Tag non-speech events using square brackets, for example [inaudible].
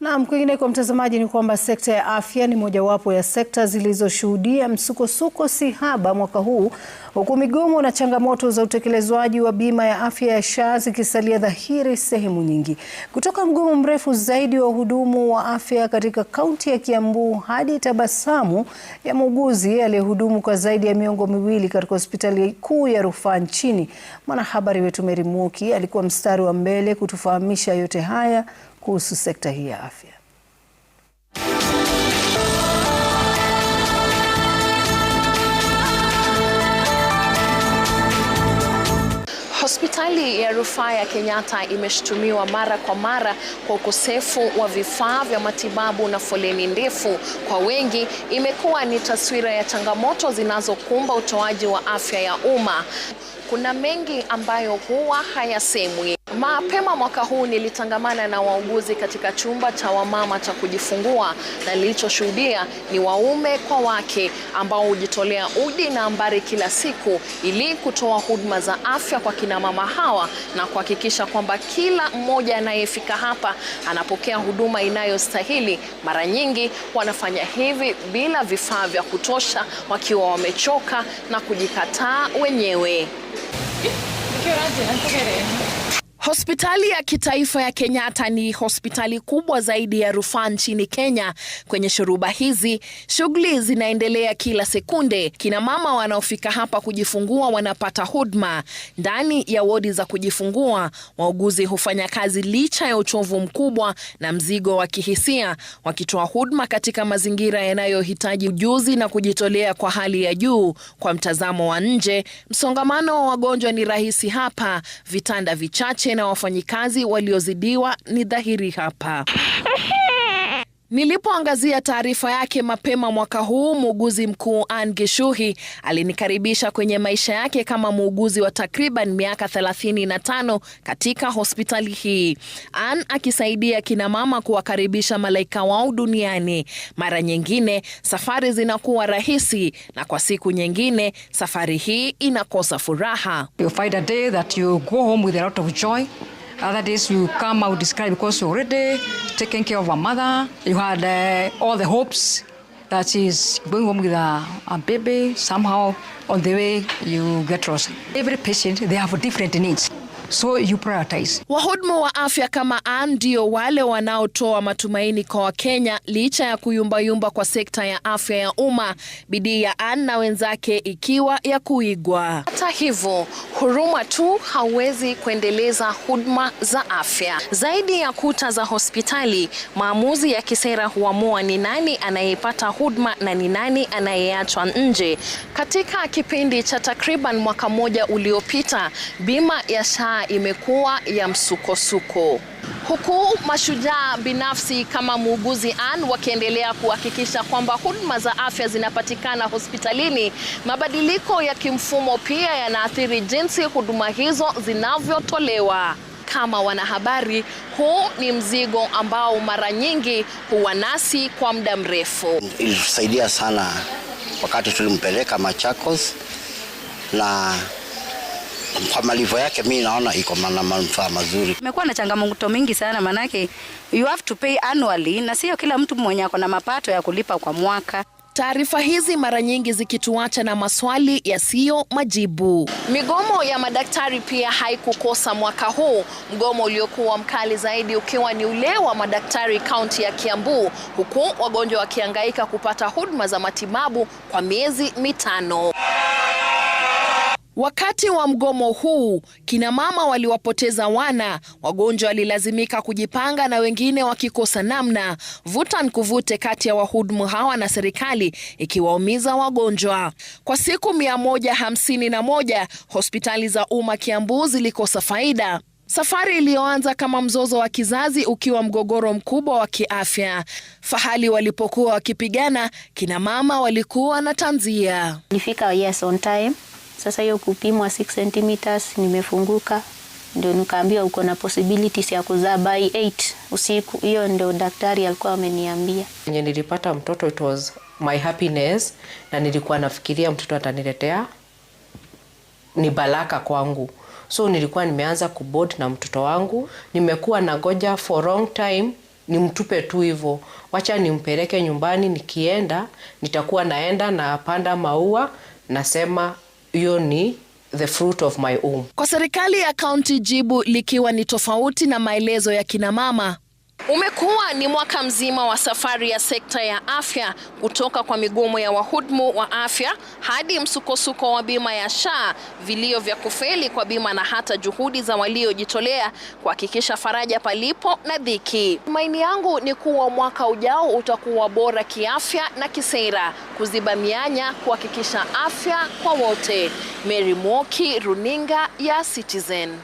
Naam, kwa mtazamaji, ni kwamba sekta ya afya ni mojawapo ya sekta zilizoshuhudia msukosuko si haba mwaka huu, huku migomo na changamoto za utekelezwaji wa bima ya afya ya SHA zikisalia dhahiri sehemu nyingi. Kutoka mgomo mrefu zaidi wa hudumu wa afya katika kaunti ya Kiambu hadi tabasamu ya muuguzi aliyehudumu kwa zaidi ya miongo miwili katika hospitali kuu ya rufaa nchini. Mwanahabari wetu Meri muki alikuwa mstari wa mbele kutufahamisha yote haya kuhusu sekta hii ya afya. Hospitali ya rufaa ya Kenyatta imeshutumiwa mara kwa mara kwa ukosefu wa vifaa vya matibabu na foleni ndefu. Kwa wengi, imekuwa ni taswira ya changamoto zinazokumba utoaji wa afya ya umma. Kuna mengi ambayo huwa hayasemwi. Mapema mwaka huu nilitangamana na wauguzi katika chumba cha wamama cha kujifungua na nilichoshuhudia ni waume kwa wake ambao hujitolea udi na mbari kila siku ili kutoa huduma za afya kwa kina mama hawa na kuhakikisha kwamba kila mmoja anayefika hapa anapokea huduma inayostahili. Mara nyingi wanafanya hivi bila vifaa vya kutosha, wakiwa wamechoka na kujikataa wenyewe Hospitali ya kitaifa ya Kenyatta ni hospitali kubwa zaidi ya rufaa nchini Kenya. Kwenye shuruba hizi, shughuli zinaendelea kila sekunde. Kina mama wanaofika hapa kujifungua wanapata huduma. Ndani ya wodi za kujifungua, wauguzi hufanya kazi licha ya uchovu mkubwa na mzigo wa kihisia, wakitoa huduma katika mazingira yanayohitaji ujuzi na kujitolea kwa hali ya juu. Kwa mtazamo wa nje, msongamano wa wagonjwa ni rahisi hapa, vitanda vichache tena wafanyikazi waliozidiwa ni dhahiri hapa [laughs] Nilipoangazia taarifa yake mapema mwaka huu, muuguzi mkuu ann Gishuhi alinikaribisha kwenye maisha yake kama muuguzi wa takriban miaka 35 katika hospitali hii, Anne akisaidia kina mama kuwakaribisha malaika wao duniani. Mara nyingine safari zinakuwa rahisi, na kwa siku nyingine safari hii inakosa furaha. You find a day that you go home with a lot of joy. Other days you come out discouraged because you already taken care of a mother. You had uh, all the hopes that she's going home with a, a baby. Somehow on the way you get lost. Every patient, they have different needs. So you prioritize. Wahudumu wa afya kama Ann ndio wale wanaotoa matumaini kwa Wakenya licha ya kuyumbayumba kwa sekta ya afya ya umma, bidii ya Ann na wenzake ikiwa ya kuigwa. Hata hivyo, huruma tu hauwezi kuendeleza huduma za afya. Zaidi ya kuta za hospitali, maamuzi ya kisera huamua ni nani anayepata huduma na ni nani anayeachwa nje. Katika kipindi cha takriban mwaka mmoja uliopita, bima ya SHA imekuwa ya msukosuko huku mashujaa binafsi kama muuguzi Ann wakiendelea kuhakikisha kwamba huduma za afya zinapatikana hospitalini. Mabadiliko ya kimfumo pia yanaathiri jinsi huduma hizo zinavyotolewa. Kama wanahabari, huu ni mzigo ambao mara nyingi huwa nasi kwa muda mrefu. Ilitusaidia sana wakati tulimpeleka Machakos na kwa malivo yake mi naona iko na manufaa mazuri. Imekuwa na changamoto mingi sana, maanake you have to pay annually, na sio kila mtu mwenye ako na mapato ya kulipa kwa mwaka. Taarifa hizi mara nyingi zikituacha na maswali yasiyo majibu. Migomo ya madaktari pia haikukosa mwaka huu, mgomo uliokuwa mkali zaidi ukiwa ni ule wa madaktari kaunti ya Kiambu, huku wagonjwa wakihangaika kupata huduma za matibabu kwa miezi mitano. Wakati wa mgomo huu kina mama waliwapoteza wana, wagonjwa walilazimika kujipanga na wengine wakikosa namna, vuta nkuvute kati ya wahudumu hawa na serikali ikiwaumiza wagonjwa. Kwa siku mia hamsini na moja hospitali za umma Kiambu zilikosa faida. Safari iliyoanza kama mzozo wa kizazi ukiwa mgogoro mkubwa wa kiafya. Fahali walipokuwa wakipigana, kina mama walikuwa na tanzia. Nifika yes on time. Sasa hiyo kupimwa 6 cm nimefunguka, ndio nikaambiwa uko na possibilities ya kuzaa by 8 usiku. Hiyo ndio daktari alikuwa ameniambia. Yenye nilipata mtoto it was my happiness, na nilikuwa nafikiria mtoto ataniletea ni baraka kwangu, so nilikuwa nimeanza kubod na mtoto wangu, nimekuwa nagoja for long time nimtupe tu hivyo, wacha nimpeleke nyumbani. Nikienda nitakuwa naenda napanda maua, nasema hiyo ni the fruit of my womb. Kwa serikali ya kaunti, jibu likiwa ni tofauti na maelezo ya kinamama. Umekuwa ni mwaka mzima wa safari ya sekta ya afya kutoka kwa migomo ya wahudumu wa afya hadi msukosuko wa bima ya SHA, vilio vya kufeli kwa bima na hata juhudi za waliojitolea kuhakikisha faraja palipo na dhiki. Tumaini yangu ni kuwa mwaka ujao utakuwa bora kiafya na kisera, kuziba mianya, kuhakikisha afya kwa wote. Mary Mwoki, Runinga ya Citizen.